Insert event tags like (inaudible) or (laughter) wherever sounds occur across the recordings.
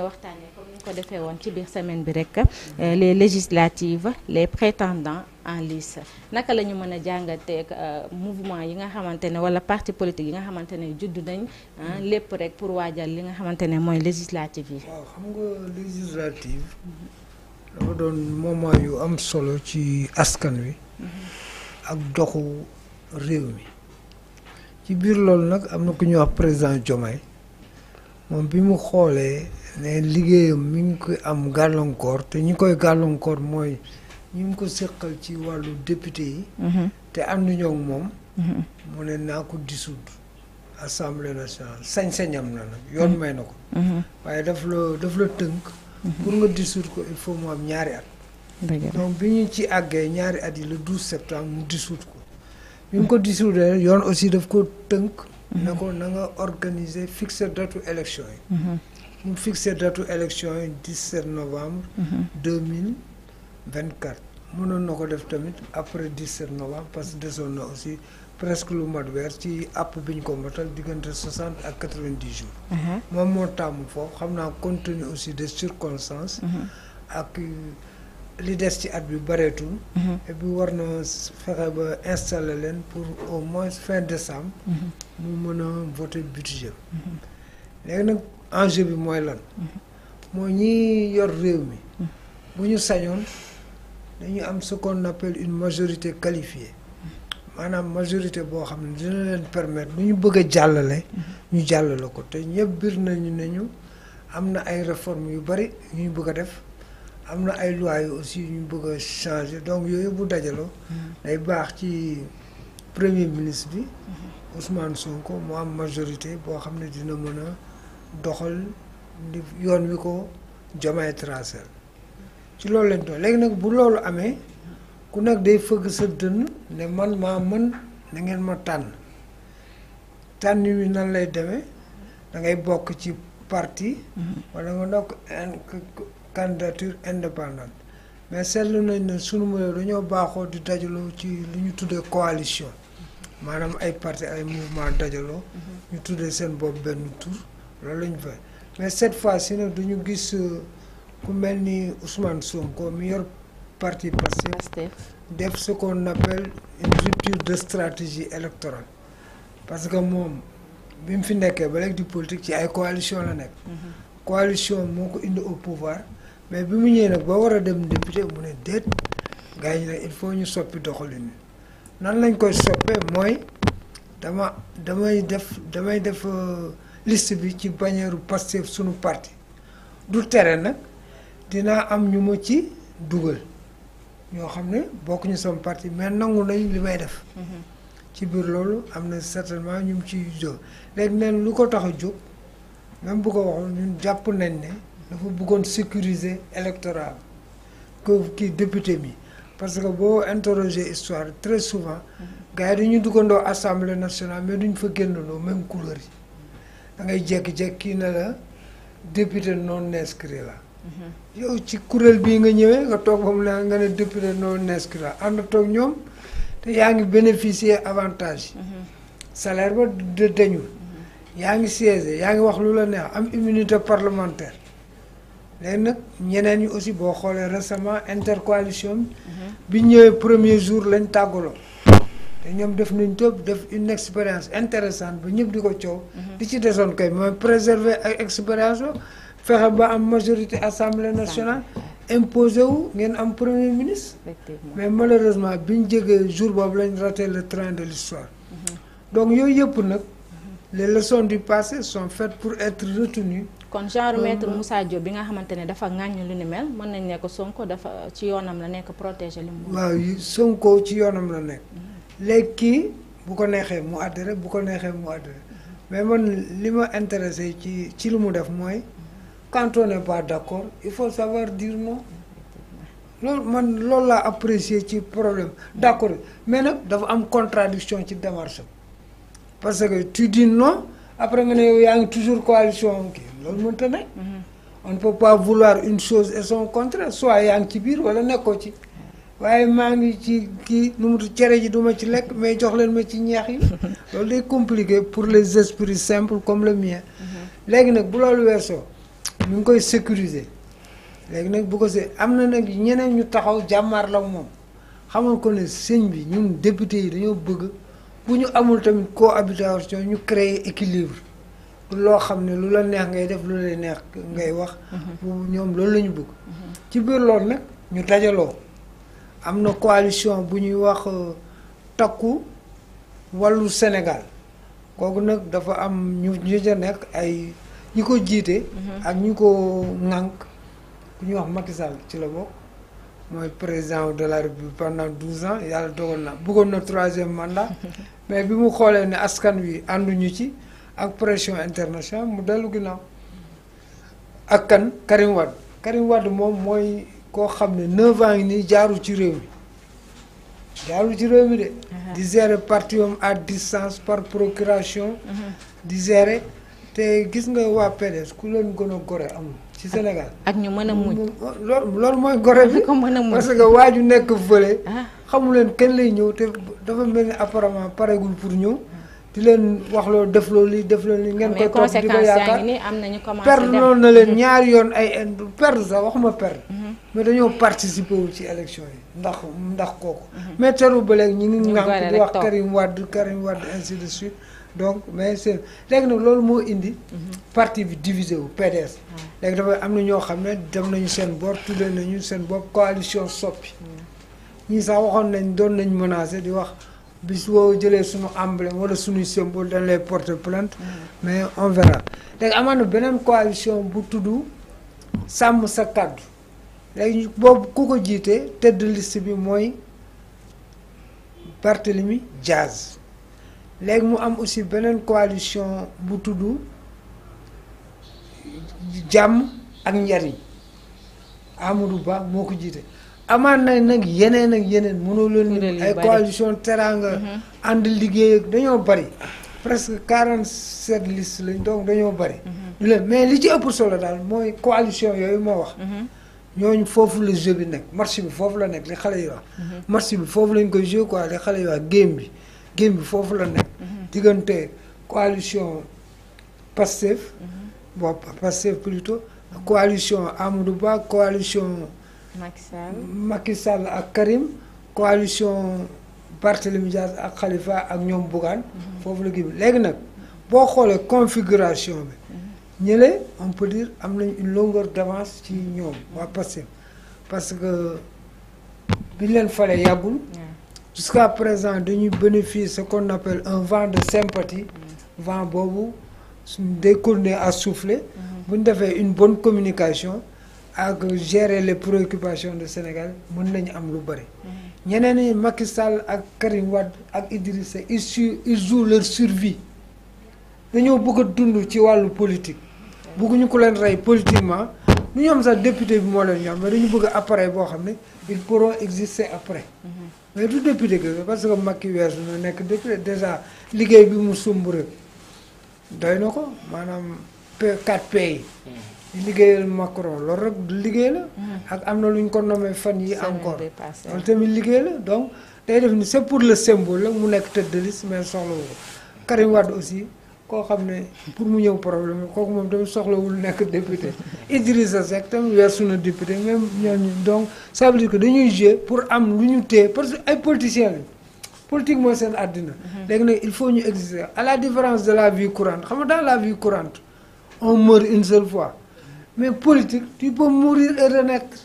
waxtaanee comme ni ko defee woon ci biir semaine bi rek euh, les législatives les prétendants en lice naka la ñu mën a jàngateeg euh, mouvement yi nga xamante ne wala parti politique yi nga xamante ne judd nañ lépp rek pour waajal li nga xamante ne mooy législative yi. waaw xam nga doon moment yu am solo ci askan wi. ak doxu réew mi. ci biir loolu nag am na ku ñuy wax président Diomaye. moom bi mu xoolee ne liggéeyam mi ngi koy am gàllankoor te ñi koy gàllankoor mooy ñu ngi ko séqal ci wàllu député yi mhm. te am ànduñu ak moom mhm. mu ne naa ko dissoudre assemblée nationale sañ-sañam na nag yoon mhm. may na ko waaye daf la daf la tënk pour nga dissoudre ko il faut mu am ñaari at donc bi ñu ci àggee ñaari at yi le 12 septembre mu dissoudre ko bi mu ko dissoudre yoon aussi daf ko tënk ne ko na nga organiser fixer datu élection yi. Mhm. mu fixer datu élection yi 17 novembre. 2024. Mhm. mënoon na ko def tamit après 17 novembre parce que desoon na aussi presque lu mat weer ci app bi ñu ko matal diggante 60 ak 90 jours. Mhm. moom moo tàmm foofu xam naa compte aussi des circonstances. ak. li des ci at bi bareetul. Mhm. et war na fexe ba installer leen pour au moins fin décembre. Mhm. mu mën a voter budget. Mhm. léegi nag enjeu bi mooy lan. mooy ñi yor réew mi. bu ñu sañoon dañu am ce qu'on appelle une majorité qualifiée maanaam majorité boo xam ne dina leen permettre lu ñu bëgg jàllale. ñu jàllale ko te ñëpp biir nañu ne ñu am na ay réformes yu bari yu ñu bëgg a def. am na ay lois yu aussi ñu bëgg a changer donc yooyu bu dajaloo. Hmm. day baax ci premier ministre bi. Hmm. Ousmane Sonko mu am majorité boo xam ne dina mën a doxal di yoon wi ko Diomaye tracé ci loolu lañ doon léegi nag bu loolu amee ku nag day fëgg sa dënn ne man maa mën na ma tànn tànn wi nan lay demee dangay bokk ci parti. Hmm. wala nga nokk candidature indépendante mais seetlu nañ ne sunu réew dañoo baaxoo di dajaloo ci lu ñu tuddee coalition maanaam ay parti ay mouvement dajaloo mhm. ñu tuddee seen bopp benn tur loolu lañu fa mais cette fois ci nag duñu gis euh, ku mel ni Ousmane Sonko mi yor parti Pastef def ce qu'on appelle une rupture de stratégie électorale parce que moom bi mu fi nekkee ba léegi di politique ci ay coalition la nekk mhm. coalition moo ko indi au pouvoir mais bi mu ñëwee nag boo war a dem député mu ne déet gars yi il faut ñu soppi doxalin nan lañ koy soppee mooy dama damay def damay def euh, list bi ci bannière Pastef suñu parti du tere nag dinaa am ñu ma ci dugal ñoo xam ne bokk ñu sama parti mais nangu nañ li may def mm-hmm. ci biir loolu am na certainement ñu mu ci jóg léegi neen lu ko tax a jóg même bu ko waxul ñu jàpp nañ ne dafa bëggoon sécuriser électorat que kii député bi parce que boo interroger histoire très souvent mhm. gars yi dañuy duggandoo assemblée nationale mais duñ fa génnandoo même couleur yi da ngay jékki kii ne la député non inscrit la mhm. yow ci kuréel bii nga ñëwee nga toog ba ne nga ne député non inscrit la ànd toog ñoom te yaa ngi bénéficier avantage mhm. salaire ba dañul yaa ngi siégé yaa ngi wax lu la neex am immunité parlementaire léegi nag ñeneen yi aussi boo xoolee récemment intercoalition mhm. bi ñëwee premier jour lañ tàggaloo te ñoom def nañ topp def une expérience intéressante ba ñëpp di ko coow di mhm. ci desoon kay mooy préserver ay expérience fexe ba am majorité assemblée nationale imposé wu ngeen am premier ministre mais malheureusement biñ jegee jour boobu lañ raté le train de l'histoire mhm. donc yooyu yëpp nag les leçons du passé sont faites pour être retenues kon genre maître Moussa bi nga xamante ne dafa ŋàññ lu ni mel mën nañ nekk Sonko dafa ci yoonam la nekk protéger li mu. waaw Sonko ci yoonam la nekk. Mhm. léegi kii bu ko neexee mu adhéré bu ko neexee mu adhéré mhm. mais man li ma intéressé ci ci li mu def mooy quand on n'est pas d'accord il faut savoir dire non. loolu man loolu laa apprécier ci problème d'accord mais nag dafa am contradiction ci démarche parce que tu dis après nga ne yaa ngi toujours coalition kii loolu mënta ne mhm. on ne peut pas vouloir une chose et son contraire soit yaa ngi ci biir wala nekkoo ci waaye maa ngi ci kii nu mu cere ji duma ci lekk mais jox leen ma ci ñeex yi (laughs) loolu day compliqué pour les esprits simples comme le mien mhm. léegi nag bu loolu soo ñu ngi koy sécuriser léegi nag bu ko see am na nag ñeneen ñu taxaw jàmmaar la moom xamal ko ne sëñ bi ñun député yi dañoo bëgg bu ñu amul tamit cohabitation ñu créer équilibre loo xam ne lu la neex ngay def lu la neex ngay wax. Mhm. ñoom loolu lañu ñu ci biir loolu nag ñu dajaloo am na coalition bu ñuy wax euh, takku wàllu Sénégal kooku nag dafa am ñu ñu ca nekk ay ñi ko jiite. Mhm. ak ñi ko ŋànk ku ñuy wax Macky ci la bokk. mooy président de la République pendant douze ans yàlla dogal na buggoon na troisième mandat (laughs) mais bi mu xoolee ne askan wi ànduñu ci ak pression internationale mu dellu ginnaaw ak kan Karim Wade moom mooy koo xam ne neuf ans yi nii jaaru ci réew mi jaaru ci réew mi de uh-huh. di gérer parti am à distance par procuration uh-huh. di gérer te gis nga waa PDS ku leen gën a gore amul ci Sénégal ak ñu mën a muñ. loolu loolu mooy gore bi ko mën a parce que waa ju nekk fële. Ah. xamu leen kenn lay ñëw te dafa mel ni apparemment pareegul pour ñëw. di leen wax loolu def loolu lii def loolu lii ngeen koy topp di ko yaakaar am nañu commencé perdre loolu na leen ñaari yoon ay perdre sax waxuma perdre mhm. mais dañoo participer wu ci élection yi ndax ndax kooku mhm. mais teru ba léegi ñu ngi ngànk di wax Karim Wade Karim Wade ainsi de suite donc mais c'est léegi nag loolu moo indi. Mhm. parti bi divisé wu PDS. léegi am na ñoo xam ne dem nañu seen bopp tuddee nañu seen bopp coalition soppi. ñii sax waxoon nañ doon nañ menacé di wax bi soo jëlee suñu emblème wala suñu symbole dañ lay porter plainte. mais on verra léegi amaan na beneen coalition bu tuddu sàmm sa kàddu léegi boobu ku ko jiitee tête de bi mooy Barthélemy Diaz. léegi mu am aussi beneen coalition bu tudd jàmm ak njariñ Amadou Ba moo ko jiite amaan na nag yeneen ak yeneen mënoo leen ay coalition teranga mhm. ànd liggéey ak dañoo bari presque quarante sept listes lañ donc dañoo bari ñu mhm. leen mais li ci ëpp solo daal mooy coalition yooyu moo wax mhm. ñooñu foofu la jeu bi nekk marché bi foofu la nekk li xale yi wax bi foofu lañ koy joué li xale yi wax game bi génn bi foofu la nekk. Mhm. diggante coalition Pastef. Mhm. bon Pastef plutôt. coalition Amadou Ba coalition. Macky ak Karim. coalition Barthélemy Dias ak Khalifa ak ñoom Bougane. Mhm. foofu la génn bi nag boo xoolee configuration bi. ñële on peut dire am nañ une longueur d'avance ci ñoom waa Pastef parce que biñ leen falee yàggul. jusqu'à présent dañuy bénéficier ce qu'on appelle un vent de sympathie vent boobu day continuer à souffler defee une bonne communication ak gérer les préoccupations de Sénégal mën nañu am lu bëri ñeneen ñi Macky Sall ak Karim Wade ak Idrissa ils su ils jouent leur survie dañoo bëgg a dund ci wàllu politique bëgguñu ko leen rey politiquement lu ñoom sax député bi moo leen ñoom mais dañu bëgg appareil boo xam ne ils pourront exister après mhm. mais du député que parce que Macky weesu na nekk député déjà liggéey bi mu sumb rek doy na ko maanaam quatre pays mhm. di liggéeyal Macron loolu rek du liggéey la mhm. ak am na lu ñu ko nommé fan yi encore loolu tamit liggéey la donc day def ni c'est pour le symbole la mu nekk tête de liste mais soxlawu ko Karim Wade aussi koo xam ne pour mu ñëw problème kooku moom tamit soxlawul nekk député Idrissa Seck tam weesu na député même ñooñu donc ça veut dire que dañuy jouer pour am lu ñu téye parce que ay politiciens lañ politique mooy seen àddina. Mhm. léegi nag il faut ñu exister à la différence de la vie courante xam nga dans la vie courante on meurt une seule fois mais politique ti peux mourir et renaître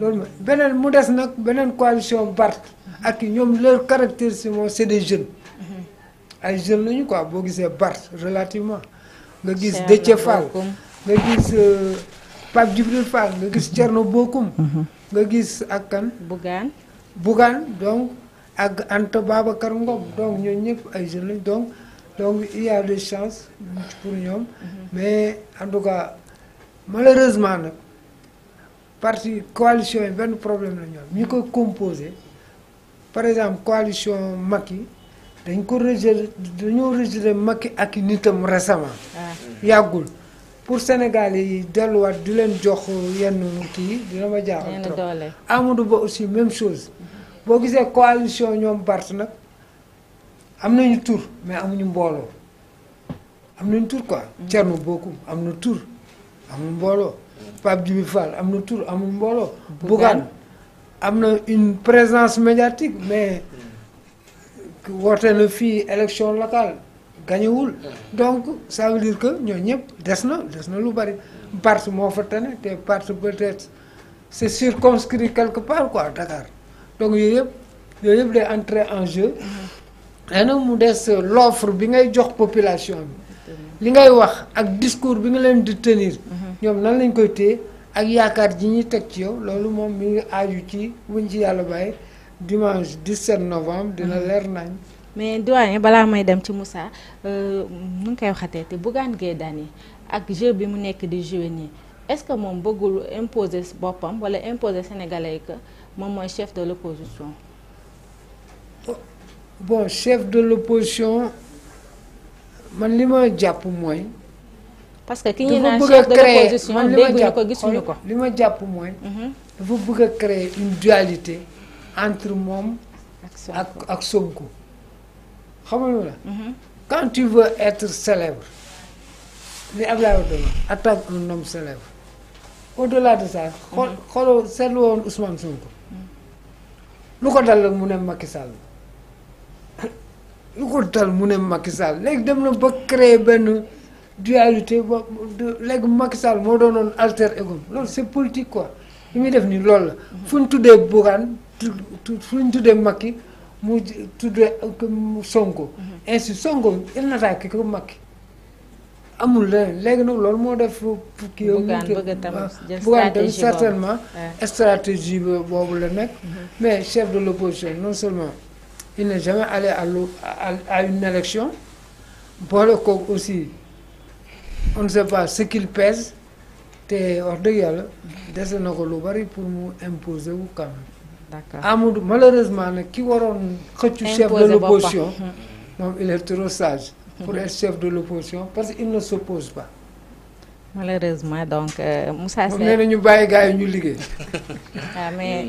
loolu mooy beneen mu des nag beneen coalition Barth ak ñoom leur caractéristique moom c'est des jeunes. ay jeunes lañu quoi boo gisee Barth relativement. nga gis Déthié Fall nga gis euh, Pape Djibril Fall nga gis Thierno Bocoum. Mhm. nga gis ak kan. Bougane Bougane donc ak Anta Babacar Ngom donc ñooñu ñëpp ay jeunes lañu donc donc il y a des chances pour ñoom. Mhm. mais en tout cas malheureusement nag parti coalition yi benn problème la ñoom ñi ko composé par exemple coalition yi dañ ko rejeté dañoo rejeté Macky ak nitam récemment. Ah. yàggul pour Sénégal yi delluwaat di leen jox yenn kii dina ma jaaxal trop Amadou Ba aussi même chose. boo gisee coalition ñoom Bart nag am nañu tur mais amuñu mbooloo am nañu tur quoi. Mm. Thierno Bocoum am na tur amul mbooloo. Pape Djibril am na tur amul mbooloo. Bougane am na une présence médiatique mais. Mm. woote na fii élection locale gañewul donc ça veut que ñoo ñëpp des na des na lu bari parti moo fa tane te parti peut-être c'est circonscrit quelque part quoi Dakar donc yooyu yëpp yooyu yëpp day entrer en jeu xëy mm-hmm. na mu des l'offre bi ngay jox population bi li ngay wax ak discours bi nga leen di tenir mm-hmm. ñoom nan lañ koy téye ak yaakaar ji ñuy teg ci yow loolu moom mi ngi ci buñ ci yàlla bàyyi dimanche 17 novembre dina mhm. leer nañ. mais doyen balaa may dem ci Moussa euh, nu ngi koy waxatee te Bougane Gueye Dany ak jeu bi mu nekk di jouer nii est-ce que moom bëggul imposer boppam wala imposer sénégalais moom mooy chef de l'opposition. Oh, bon chef de l'opposition man li ma jàpp mooy. parce que ki ñu naan chef de l'opposition dégguñu ko gisuñu ko. li ma jàpp mooy. Mhm. dafa bëgg a créer une dualité. entre moom ak ak Sonko xamal la mhm. quand tu veux être célèbre ni Abdoulaye Wade attaque un célèbre au-delà de ça mhm. xool xooloo seetlu woon Ousmane Sonko mhm. lu ko dal mu ne Macky lu ko dal mu ne Macky Sall léegi dem na ba créer benn dualité ba léegi Macky Sall moo doonoon alter ego loolu c'est politique quoi li muy def nii lool la fu ñu tuddee Bougane tudd fu ñu tuddee Macky mu tuddee Sonko. Mhm. ainsi Sonko il n'attaque que Macky amul leneen léegi nag loolu moo def. kii yooyu bëgg tam ah, certainement. stratégie boobu la nekk. Mhm. mais chef de l'opposition non seulement il n'est jamais allé à l' à une élection boole kooku aussi on ne sait pas ce qu'il pèse te wax dëgg yàlla dese na ko lu bari pour mu imposer wu quand même. d'accord Amadou malheureusement nag ki waroon xëccu chef de l'opposition hmm. moom il est trop sage pour hmm. être chef de l'opposition parce qu'il ne s'oppose pas malheureusement donc euh, Moussa Seye nee na ñu bàyyi gars yi ñu liggéey. waaw (laughs) ah, mais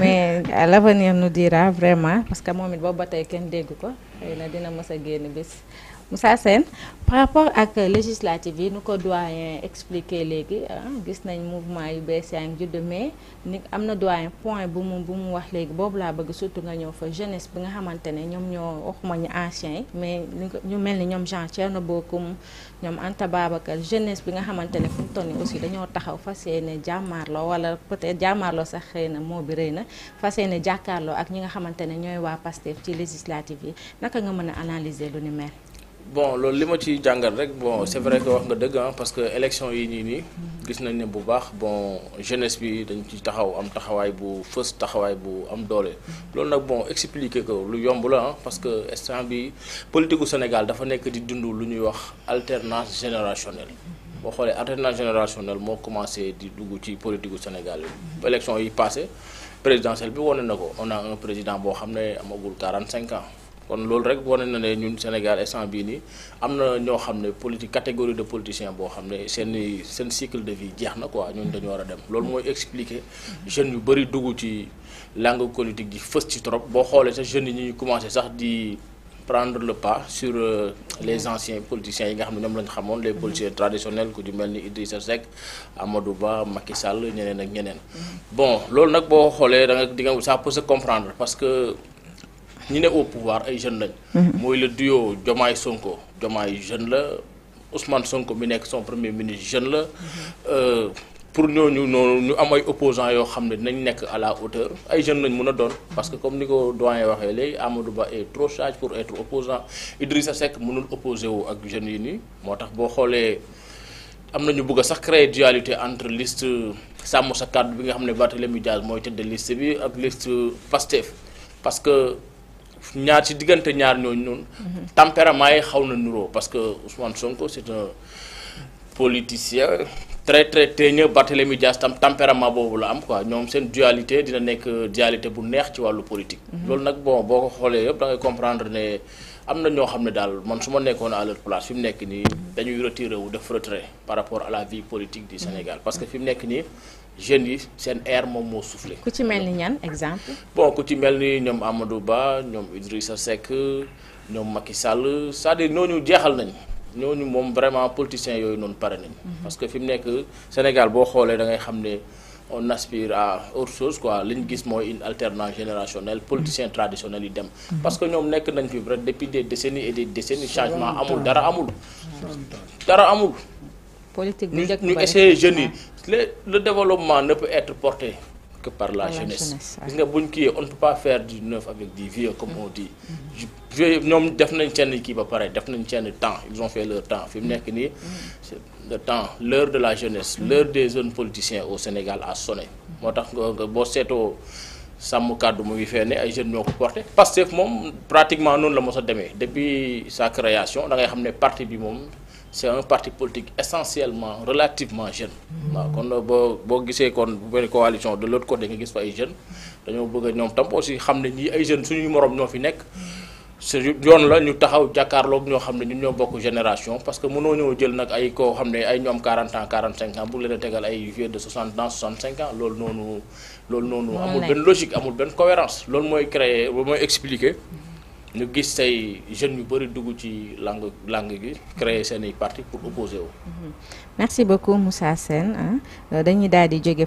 mais l'avenir nous dira vraiment parce que moom it boobu ba tey kenn dégg ko xëy na dina mës a génn bés. musa Sène par rapport ak législative yi nu ko doyen expliquer léegi ah, gis nañ mouvement yu bees yaa ngi judd mais ni am na doyen point bu mu bu mu wax léegi boobu laa bëgg surtout nga ñëw fa jeunesse bi nga xamante ne ñoom ñoo waxuma ñu anciens yi mais ñu mel ni ñoom Jean na Bocoum ñoom Anta Babacar jeunesse bi nga xamante ne fu aussi dañoo taxaw fas yéene jàmmaarloo wala peut-être jàmmaarloo sax xëy na moo bi rëy na fas yéene jàkkaarloo ak ñi nga xamante ne ñooy waa Pastef ci législative yi naka nga mën a analyser lu ni mel. bon loolu li ma ci jàngal rek bon c'est vrai que wax nga dëgg ah, parce que élection yi nii nii gis nañ ne bu baax bon jeunesse bi dañu ci taxaw am taxawaay bu fës taxawaay bu am doole loolu nag bon expliquer ko lu yomb la ah parce que instant bi politique u Sénégal dafa nekk di dund lu ñuy wax alternance générationnelle boo xoolee alternance générationnelle moo commencé di dugg ci politique Sénégal yi yi passé présidentielle bi wane na ko on a un président boo xam ne amagul 45 ans kon loolu rek wane na ne ñun Sénégal instant bii nii am na ñoo xam ne politique catégorie de politicien boo xam ne seen seen cycle de vie jeex na ko ñun dañu war a dem loolu mooy expliquer jeunes yu bëri dugg ci langue politique di fës ci trop boo xoolee sa jeunes yi ñuy commencé sax di prendre le pas sur euh, les anciens politiciens yi nga xam ne ñoom lañ xamoon les politiciens traditionnels ku ci mel ni Idrissa Seck Amadou Ba Macky Sall ñeneen ak ñeneen mm-hmm. bon loolu nag boo ñi ne au pouvoir ay jeunes lañ. Mhm. mooy le duo Diomaye Sonko Diomaye jeune la Ousmane Sonko bi nekk son premier ministre jeune la. Mhm. Euh, pour ñooñu noonu ñu am ay opposants yoo xam ne dinañ nekk à la hauteur ay jeune lañ mun a doon parce que comme ni ko doyen waxee léegi Amadou Ba est trop sage pour être opposant Idrissa Seck mënul opposé ak jeunes yi nii moo tax boo xoolee am na ñu bëgg sax créer dualité entre liste sàmm sa kàddu bi nga xam ne Barthélémy Diaz mooy tëdd liste bi ak liste ñaar ci diggante ñaar ñooñu noonu. Mhm. tempérament yi xaw na nuroo parce que Ousmane Sonko c'est un politicien très très teigneux Barthélémy Dias tam tempérament boobu la am quoi ñoom seen dualité dina nekk dualité bu neex ci wàllu politique. Mhm. loolu nag bon boo ko xoolee yëpp da comprendre ne. am na ñoo xam ne daal man su ma nekkoon à leur place fi mu nekk nii dañuy retiré def retrait par rapport à la vie politique du Sénégal mm-hmm. parce que fi mu nekk nii jeunes yi seen air moom moo soufflé. ku ci mel ni ñan exemple. bon ku ci mel ni ñoom Amadou Ba ñoom Idrissa Seck ñoom Macky Sall c'est-à-dire ñooñu jeexal nañ ñooñu moom vraiment politiciens yooyu noonu pare nañ. Mm-hmm. parce que fi mu nekk Sénégal boo xoolee da ngay xam ne. on aspire à autre chose quoi li ñu gis mooy une alternance générationnelle politicien traditionnel yi dem parce que ñoom nekk nañ fi vrai depuis des décennies et des décennies changement amul dara amul dara amul politique ñu essayer jeunes yi le développement ne peut être porté que par la, par jeunesse. gis nga buñ kii on ne pas faire du neuf avec du vieux comme on dit. vieux mm-hmm. ñoom def nañ seen kii ba pare def nañ seen temps ils ont fait leur temps fi mu nekk nii. Mm-hmm. le temps leur de la jeunesse mm-hmm. l'heure des jeunes politiciens au Sénégal a sonné moo tax nga boo seetoo. sàmm kàddu mu ngi fee ne ay jeunes ñoo ko porté Pastef moom pratiquement noonu la mos a demee depuis sa création da xam ne parti bi moom c' est un parti politique essentiellement relativement jeune. Mm-hmm. waaw kon boo boo gisee kon bu benn coalition de l' autre côté nga gis fa ay jeunes dañoo bëgg ñoom tam aussi xam ne ñii ay jeunes suñuy morom ñoo fi nekk. Mm-hmm. c' est yoon la ñu taxaw jàkkaarloog ñoo xam ne ñu ñoo bokk génération parce que mënoo ñëw jël nag ay koo xam ne ay ñoom 40 ans 45 ans bu leen a tegal ay vieux de 60 ans 65 ans loolu noonu. loolu noonu amul benn logique amul benn cohérence loolu mooy créer mooy expliquer. Mm-hmm. ñu gis tey jeunes yu bëri dugg ci langue langue gi créer seen i parti pour opposer wu. Mm-hmm. merci beaucoup Moussa Sène euh, dañu daal di jóge.